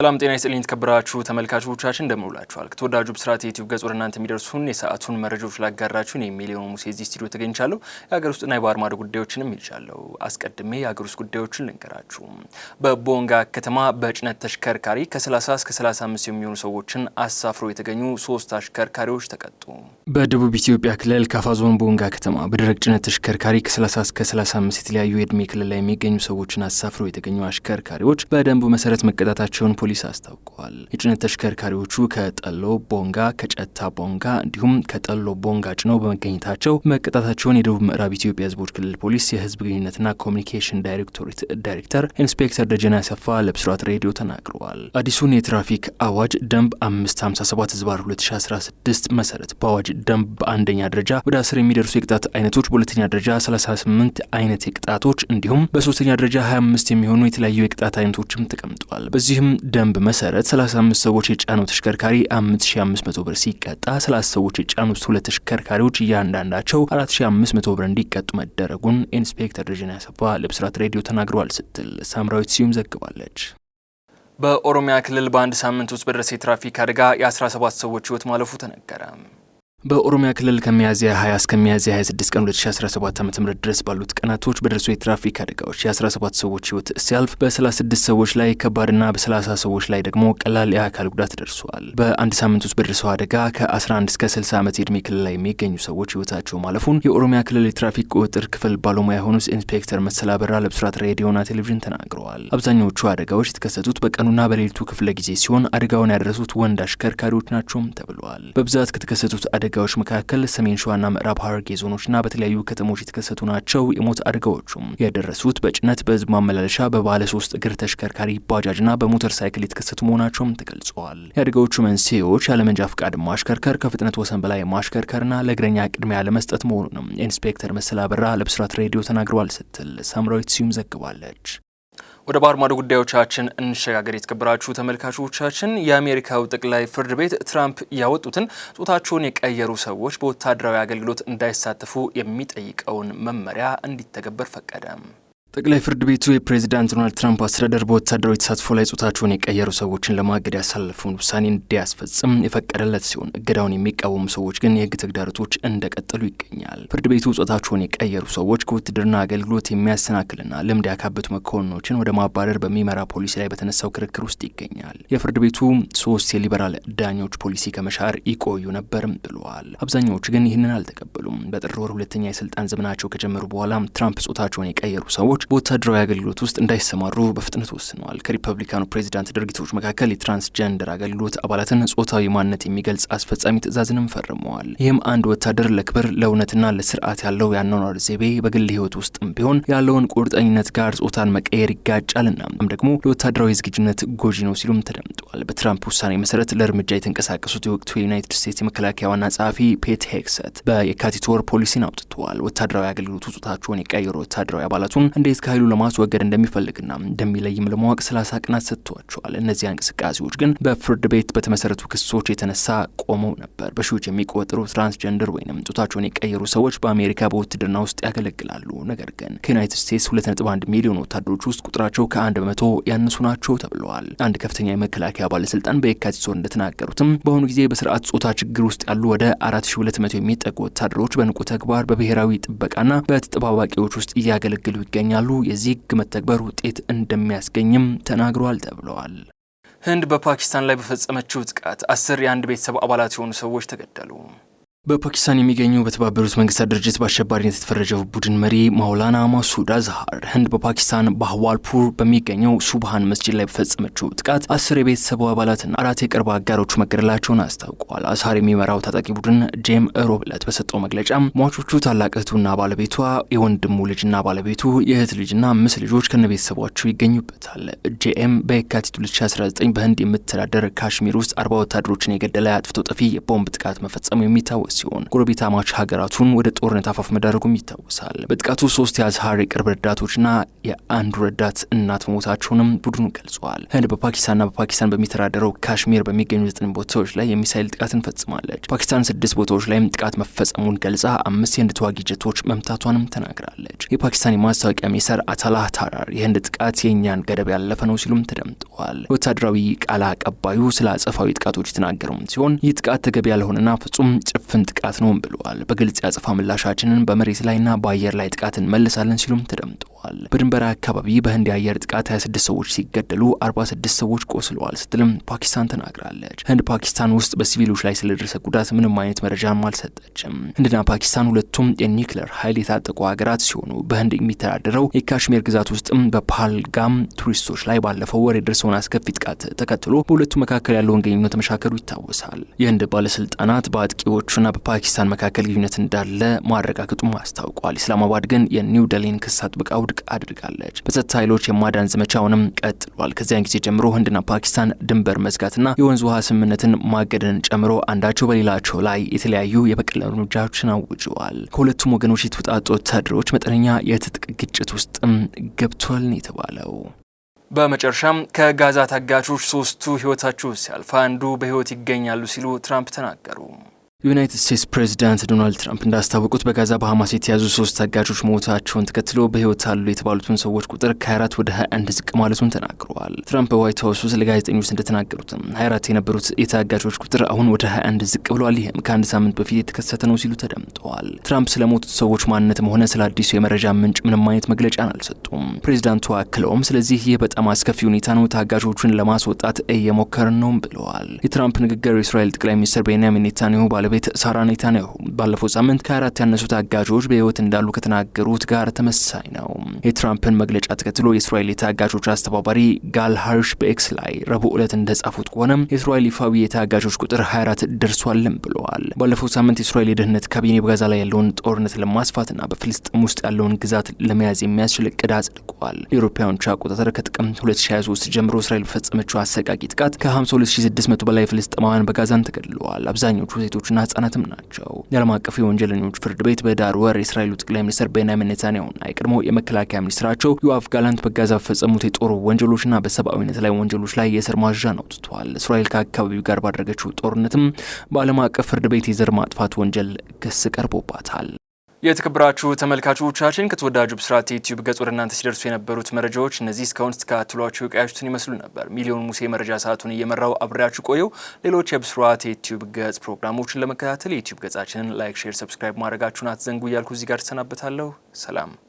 ሰላም ጤና ይስጥልኝ የተከበራችሁ ተመልካቾቻችን እንደምንውላችኋል። ውላችኋል። ከተወዳጁ ብስራት የዩቲዩብ ገጽ ወደ እናንተ የሚደርሱን የሰዓቱን መረጃዎች ላጋራችሁን የሚሊዮን ሙሴ እዚህ ስቱዲዮ ተገኝቻለሁ። የሀገር ውስጥና የባህር ማዶ ጉዳዮችንም ይዣለሁ። አስቀድሜ የሀገር ውስጥ ጉዳዮችን ልንገራችሁ። በቦንጋ ከተማ በጭነት ተሽከርካሪ ከ30 እስከ 35 የሚሆኑ ሰዎችን አሳፍረው የተገኙ ሶስት አሽከርካሪዎች ተቀጡ። በደቡብ ኢትዮጵያ ክልል ካፋ ዞን ቦንጋ ከተማ በደረቅ ጭነት ተሽከርካሪ ከ30 እስከ 35 የተለያዩ የዕድሜ ክልል ላይ የሚገኙ ሰዎችን አሳፍረው የተገኙ አሽከርካሪዎች በደንቡ መሰረት መቀጣታቸውን ፖሊስ አስታውቀዋል። የጭነት ተሽከርካሪዎቹ ከጠሎ ቦንጋ፣ ከጨታ ቦንጋ እንዲሁም ከጠሎ ቦንጋ ጭነው በመገኘታቸው መቀጣታቸውን የደቡብ ምዕራብ ኢትዮጵያ ህዝቦች ክልል ፖሊስ የህዝብ ግንኙነትና ኮሚኒኬሽን ዳይሬክቶሬት ዳይሬክተር ኢንስፔክተር ደጀና ያሰፋ ለብስራት ሬዲዮ ተናግረዋል። አዲሱን የትራፊክ አዋጅ ደንብ 557 ህዝባር 2016 መሰረት በአዋጅ ደንብ በአንደኛ ደረጃ ወደ አስር የሚደርሱ የቅጣት አይነቶች፣ በሁለተኛ ደረጃ 38 አይነት የቅጣቶች እንዲሁም በሶስተኛ ደረጃ 25 የሚሆኑ የተለያዩ የቅጣት አይነቶችም ተቀምጠዋል። በዚህም ደንብ መሰረት 35 ሰዎች የጫኑ ተሽከርካሪ 5500 ብር ሲቀጣ 30 ሰዎች የጫኑት ሁለት ተሽከርካሪዎች እያንዳንዳቸው 4500 ብር እንዲቀጡ መደረጉን ኢንስፔክተር ደጀኔ ያሰፋ ለብስራት ሬዲዮ ተናግረዋል ስትል ሳምራዊት ሲዩም ዘግባለች። በኦሮሚያ ክልል በአንድ ሳምንት ውስጥ በደረሰ የትራፊክ አደጋ የ17 ሰዎች ህይወት ማለፉ ተነገረ። በኦሮሚያ ክልል ከሚያዝያ 20 እስከ ሚያዝያ 26 ቀን 2017 ዓ ም ድረስ ባሉት ቀናቶች በደረሱ የትራፊክ አደጋዎች የ17 ሰዎች ህይወት ሲያልፍ በ36 ሰዎች ላይ ከባድና በ30 ሰዎች ላይ ደግሞ ቀላል የአካል ጉዳት ደርሰዋል። በአንድ ሳምንት ውስጥ በደረሰው አደጋ ከ11 እስከ 60 ዓመት የዕድሜ ክልል ላይ የሚገኙ ሰዎች ህይወታቸው ማለፉን የኦሮሚያ ክልል የትራፊክ ቁጥጥር ክፍል ባለሙያ የሆኑት ኢንስፔክተር መሰላ በራ ለብስራት ሬዲዮና ቴሌቪዥን ተናግረዋል። አብዛኛዎቹ አደጋዎች የተከሰቱት በቀኑና በሌሊቱ ክፍለ ጊዜ ሲሆን አደጋውን ያደረሱት ወንድ አሽከርካሪዎች ናቸውም ተብለዋል። በብዛት ከተከሰቱት አደጋዎች መካከል ሰሜን ሸዋና ምዕራብ ሐረርጌ ዞኖችና በተለያዩ ከተሞች የተከሰቱ ናቸው። የሞት አደጋዎቹም የደረሱት በጭነት በህዝብ ማመላለሻ በባለ ሶስት እግር ተሽከርካሪ ባጃጅና በሞተር ሳይክል የተከሰቱ መሆናቸውም ተገልጸዋል። የአደጋዎቹ መንስኤዎች ያለመንጃ ፍቃድ ማሽከርከር፣ ከፍጥነት ወሰን በላይ ማሽከርከርና ለእግረኛ ቅድሚያ ለመስጠት መሆኑንም ኢንስፔክተር መሰል አበራ ለብስራት ሬዲዮ ተናግረዋል ስትል ሳምራዊት ስዩም ዘግባለች። ወደ ባህር ማዶ ጉዳዮቻችን እንሸጋገር። የተከበራችሁ ተመልካቾቻችን፣ የአሜሪካው ጠቅላይ ፍርድ ቤት ትራምፕ ያወጡትን ጾታቸውን የቀየሩ ሰዎች በወታደራዊ አገልግሎት እንዳይሳተፉ የሚጠይቀውን መመሪያ እንዲተገበር ፈቀደም። ጠቅላይ ፍርድ ቤቱ የፕሬዚዳንት ዶናልድ ትራምፕ አስተዳደር በወታደራዊ ተሳትፎ ላይ ጾታቸውን የቀየሩ ሰዎችን ለማገድ ያሳለፈውን ውሳኔ እንዲያስፈጽም የፈቀደለት ሲሆን እገዳውን የሚቃወሙ ሰዎች ግን የህግ ተግዳሮቶች እንደቀጠሉ ይገኛል። ፍርድ ቤቱ ጾታቸውን የቀየሩ ሰዎች ከውትድርና አገልግሎት የሚያሰናክልና ልምድ ያካበቱ መኮንኖችን ወደ ማባረር በሚመራ ፖሊሲ ላይ በተነሳው ክርክር ውስጥ ይገኛል። የፍርድ ቤቱ ሶስት የሊበራል ዳኞች ፖሊሲ ከመሻር ይቆዩ ነበርም ብለዋል። አብዛኛዎቹ ግን ይህንን አልተቀበሉም። በጥር ወር ሁለተኛ የስልጣን ዘመናቸው ከጀመሩ በኋላ ትራምፕ ጾታቸውን የቀየሩ ሰዎች ሰዎች በወታደራዊ አገልግሎት ውስጥ እንዳይሰማሩ በፍጥነት ወስነዋል። ከሪፐብሊካኑ ፕሬዚዳንት ድርጊቶች መካከል የትራንስጀንደር አገልግሎት አባላትን ጾታዊ ማንነት የሚገልጽ አስፈጻሚ ትእዛዝንም ፈርመዋል። ይህም አንድ ወታደር ለክብር ለእውነትና ለስርዓት ያለው ያኗኗር ዘይቤ በግል ህይወት ውስጥም ቢሆን ያለውን ቁርጠኝነት ጋር ጾታን መቀየር ይጋጫልና ደግሞ ለወታደራዊ ዝግጅነት ጎጂ ነው ሲሉም ተደምጠዋል። በትራምፕ ውሳኔ መሰረት ለእርምጃ የተንቀሳቀሱት የወቅቱ የዩናይትድ ስቴትስ የመከላከያ ዋና ጸሐፊ ፔት ሄግሰት በየካቲት ወር ፖሊሲን አውጥተዋል። ወታደራዊ አገልግሎቱ ጾታቸውን የቀየሩ ወታደራዊ አባላቱን እንደ ሜንዴዝ ከኃይሉ ለማስወገድ እንደሚፈልግና እንደሚለይም ለማወቅ ሰላሳ ቀናት ሰጥቷቸዋል። እነዚያ እንቅስቃሴዎች ግን በፍርድ ቤት በተመሰረቱ ክሶች የተነሳ ቆመው ነበር። በሺዎች የሚቆጠሩ ትራንስጀንደር ወይም ጾታቸውን የቀየሩ ሰዎች በአሜሪካ በውትድርና ውስጥ ያገለግላሉ። ነገር ግን ከዩናይትድ ስቴትስ 2.1 ሚሊዮን ወታደሮች ውስጥ ቁጥራቸው ከአንድ በመቶ ያንሱ ናቸው ተብለዋል። አንድ ከፍተኛ የመከላከያ ባለስልጣን በየካቲት ወር እንደተናገሩትም በአሁኑ ጊዜ በስርዓት ጾታ ችግር ውስጥ ያሉ ወደ 4200 የሚጠጉ ወታደሮች በንቁ ተግባር በብሔራዊ ጥበቃና በተጠባባቂዎች ውስጥ እያገለግሉ ይገኛል ያሉ የዚህ መተግበር ውጤት እንደሚያስገኝም ተናግሯል ተብለዋል። ህንድ በፓኪስታን ላይ በፈጸመችው ጥቃት አስር የአንድ ቤተሰብ አባላት የሆኑ ሰዎች ተገደሉ። በፓኪስታን የሚገኘው በተባበሩት መንግስታት ድርጅት በአሸባሪነት የተፈረጀው ቡድን መሪ ማውላና ማሱድ አዝሃር ህንድ በፓኪስታን ባህዋልፑር በሚገኘው ሱብሃን መስጂድ ላይ በፈጸመችው ጥቃት አስር የቤተሰቡ አባላትና አራት የቅርብ አጋሮች መገደላቸውን አስታውቋል። አዝሃር የሚመራው ታጣቂ ቡድን ጄም ሮብ ዕለት በሰጠው መግለጫ ሟቾቹ ታላቅ እህቱና ባለቤቷ፣ የወንድሙ ልጅና ባለቤቱ፣ የእህት ልጅና አምስት ልጆች ከነ ቤተሰቧቸው ይገኙበታል። ጄኤም በየካቲት 2019 በህንድ የምትተዳደር ካሽሚር ውስጥ አርባ ወታደሮችን የገደለ አጥፍቶ ጠፊ የቦምብ ጥቃት መፈጸሙ የሚታወስ ሲሆን ጎረቤታማች ሀገራቱን ወደ ጦርነት አፋፍ መዳረጉም ይታወሳል። በጥቃቱ ሶስት የአዝሀር የቅርብ ረዳቶችና የአንዱ ረዳት እናት መሞታቸውንም ቡድኑ ገልጿል። ህንድ በፓኪስታንና በፓኪስታን በሚተዳደረው ካሽሚር በሚገኙ ዘጠኝ ቦታዎች ላይ የሚሳይል ጥቃትን ፈጽማለች። ፓኪስታን ስድስት ቦታዎች ላይም ጥቃት መፈጸሙን ገልጻ አምስት የህንድ ተዋጊ ጀቶች መምታቷንም ተናግራለች። የፓኪስታን የማስታወቂያ ሚኒስትር አታላህ ታራር የህንድ ጥቃት የእኛን ገደብ ያለፈ ነው ሲሉም ተደምጠዋል። ወታደራዊ ቃል አቀባዩ ስለ አጸፋዊ ጥቃቶች የተናገሩም ሲሆን ይህ ጥቃት ተገቢ ያልሆነና ፍጹም ጭፍን ጥቃት ነው ብለዋል። በግልጽ ያጸፋ ምላሻችንን በመሬት ላይና በአየር ላይ ጥቃት እንመልሳለን ሲሉም ተደምጠዋል። በድንበር አካባቢ በህንድ የአየር ጥቃት 26 ሰዎች ሲገደሉ 46 ሰዎች ቆስለዋል ስትልም ፓኪስታን ተናግራለች። ህንድ ፓኪስታን ውስጥ በሲቪሎች ላይ ስለደረሰ ጉዳት ምንም አይነት መረጃም አልሰጠችም። ህንድና ፓኪስታን ሁለ ሁለቱም የኒክለር ኃይል የታጠቁ ሀገራት ሲሆኑ በህንድ የሚተዳደረው የካሽሜር ግዛት ውስጥም በፓልጋም ቱሪስቶች ላይ ባለፈው ወር የደረሰውን አስከፊ ጥቃት ተከትሎ በሁለቱ መካከል ያለውን ግንኙነት መሻከሩ ይታወሳል። የህንድ ባለስልጣናት በአጥቂዎቹና በፓኪስታን መካከል ግንኙነት እንዳለ ማረጋገጡም አስታውቋል። ኢስላማባድ ግን የኒው ደሊን ክስ አጥብቃ ውድቅ አድርጋለች። በጸጥታ ኃይሎች የማዳን ዘመቻውንም ቀጥሏል። ከዚያን ጊዜ ጀምሮ ህንድና ፓኪስታን ድንበር መዝጋትና የወንዝ ውሃ ስምምነትን ማገድን ጨምሮ አንዳቸው በሌላቸው ላይ የተለያዩ የበቀል እርምጃዎችን አውጀዋል። ተገኝተዋል። ከሁለቱም ወገኖች የተውጣጡ ወታደሮች መጠነኛ የትጥቅ ግጭት ውስጥም ገብቷል ነው የተባለው። በመጨረሻም ከጋዛ ታጋቾች ሶስቱ ህይወታቸው ሲያልፍ አንዱ በህይወት ይገኛሉ ሲሉ ትራምፕ ተናገሩ። ዩናይትድ ስቴትስ ፕሬዚዳንት ዶናልድ ትራምፕ እንዳስታወቁት በጋዛ በሐማስ የተያዙ ሶስት ታጋቾች ሞታቸውን ተከትሎ በሕይወት አሉ የተባሉትን ሰዎች ቁጥር ከ24 ወደ 21 ዝቅ ማለቱን ተናግረዋል። ትራምፕ በዋይት ሀውስ ውስጥ ለጋዜጠኞች እንደተናገሩትም 24 የነበሩት የታጋቾች ቁጥር አሁን ወደ 21 ዝቅ ብሏል፣ ይህም ከአንድ ሳምንት በፊት የተከሰተ ነው ሲሉ ተደምጠዋል። ትራምፕ ሞቱት ሰዎች ማንነትም ሆነ ስለ አዲሱ የመረጃ ምንጭ ምንም አይነት መግለጫን አልሰጡም። ፕሬዚዳንቱ አክለውም ስለዚህ ይህ በጣም አስከፊ ሁኔታ ነው፣ ታጋቾቹን ለማስወጣት እየሞከርን ነውም ብለዋል። የትራምፕ ንግግር የእስራኤል ጠቅላይ ሚኒስትር ቤንያሚን ኔታንያሁ ባለ ባለቤት ሳራ ኔታንያሁ ባለፈው ሳምንት ከአራት ያነሱ ታጋቾች በህይወት እንዳሉ ከተናገሩት ጋር ተመሳሳይ ነው። የትራምፕን መግለጫ ተከትሎ የእስራኤል የታጋቾች አስተባባሪ ጋል ሃርሽ በኤክስ ላይ ረቡዕ ዕለት እንደጻፉት ከሆነ የእስራኤል ይፋዊ የታጋቾች ቁጥር 24 ደርሷልም ብለዋል። ባለፈው ሳምንት የእስራኤል የደህንነት ካቢኔ በጋዛ ላይ ያለውን ጦርነት ለማስፋትና በፍልስጥም ውስጥ ያለውን ግዛት ለመያዝ የሚያስችል እቅድ አጽድቋል። የአውሮፓውያኖቹ አቆጣጠር ከጥቅምት 2023 ጀምሮ እስራኤል በፈጸመችው አሰቃቂ ጥቃት ከ52600 በላይ ፍልስጥማውያን በጋዛን ተገድለዋል። አብዛኞቹ ሴቶችና ሴቶችና ህጻናትም ናቸው። የዓለም አቀፍ የወንጀለኞች ፍርድ ቤት በዳር ወር የእስራኤሉ ጠቅላይ ሚኒስትር ቤንያሚን ኔታንያሁና የቀድሞ የመከላከያ ሚኒስትራቸው ዮአፍ ጋላንት በጋዛ በፈጸሙት የጦር ወንጀሎችና በሰብአዊነት ላይ ወንጀሎች ላይ የእስር ማዣን አውጥቷል። እስራኤል ከአካባቢው ጋር ባደረገችው ጦርነትም በዓለም አቀፍ ፍርድ ቤት የዘር ማጥፋት ወንጀል ክስ ቀርቦባታል። የተከበራችሁ ተመልካቾቻችን ከተወዳጁ ብስራት የዩቲዩብ ገጽ ወደ እናንተ ሲደርሱ የነበሩት መረጃዎች እነዚህ እስካሁን ስትከታተሏቸው የቆያችሁትን ይመስሉ ነበር። ሚሊዮን ሙሴ መረጃ ሰዓቱን እየመራው አብሬያችሁ ቆየው። ሌሎች የብስራት የዩቲዩብ ገጽ ፕሮግራሞችን ለመከታተል የዩቲዩብ ገጻችንን ላይክ፣ ሼር፣ ሰብስክራይብ ማድረጋችሁን አትዘንጉ እያልኩ እዚህ ጋር ተሰናበታለሁ። ሰላም